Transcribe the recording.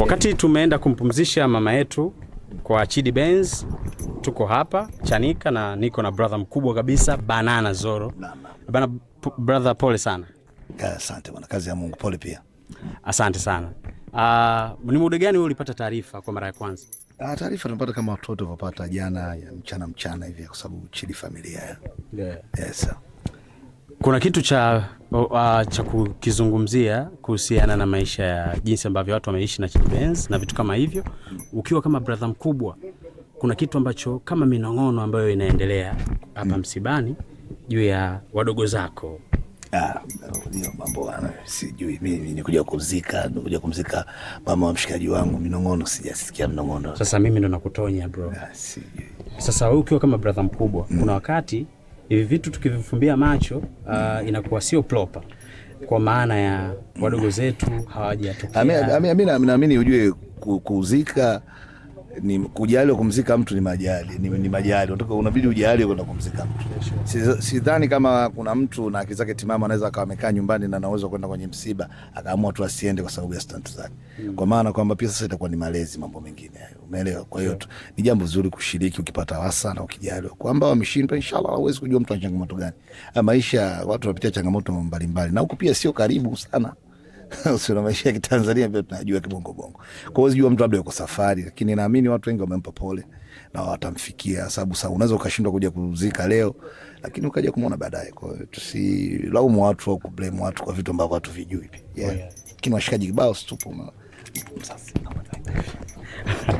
Wakati tumeenda kumpumzisha mama yetu kwa Chidi Benz, tuko hapa Chanika na niko na brother mkubwa kabisa Banana Zoro. Bana brother, pole sana. Eh, asante bwana, kazi ya Mungu, pole pia. Asante sana. Uh, ni muda gani wewe ulipata taarifa kwa mara ya kwanza? Ah, taarifa tunapata kama watoto wapata jana ya mchana mchana hivi, kwa sababu Chidi familia. Yeah. Yes. Kuna kitu cha Uh, cha kukizungumzia kuhusiana na maisha ya jinsi ambavyo watu wameishi na kipenzi na vitu kama hivyo. Ukiwa kama brother mkubwa, kuna kitu ambacho kama minong'ono ambayo inaendelea hapa mm. msibani juu ya wadogo zako. Ah, hiyo mambo ana sijui mimi nikuja kumzika, nikuja kumzika mama wa mshikaji wangu, minong'ono sijasikia minong'ono. Sasa mimi ndo nakutonya bro. Ah, sijui. Sasa ukiwa kama brother mkubwa, mm. kuna wakati hivi vitu tukivifumbia macho uh, inakuwa sio proper kwa maana ya wadogo zetu hawajatokea. Mimi naamini ujue kuzika ni kujali kumzika mtu ni majali ni, ni majali unataka unabidi ujali kwenda kumzika mtu. Sidhani si kama kuna mtu na akili zake timamu anaweza akawa amekaa nyumbani na anaweza kwenda kwenye msiba akaamua tu asiende kwa sababu ya stunt zake mm. Kwa maana kwamba pia sasa itakuwa ni malezi, mambo mengine hayo, umeelewa? Kwa hiyo yeah. Ni jambo zuri kushiriki ukipata wasa na ukijali kwamba wameshindwa, inshallah hawezi kujua mtu ana changamoto gani maisha. Watu wanapitia changamoto mbalimbali na huko pia sio karibu sana usio maisha ya kitanzania pia tunajua kibongo bongo. Kwa hiyo sijua mtu labda yuko safari, lakini naamini watu wengi wamempa pole na watamfikia, sababu sasa unaweza ukashindwa kuja kuzika leo, lakini ukaja kumuona baadaye. Kwa hiyo tusilaumu watu au kublame watu kwa vitu ambavyo watu vijui pia. Yeah. Oh, washikaji kibao situpo.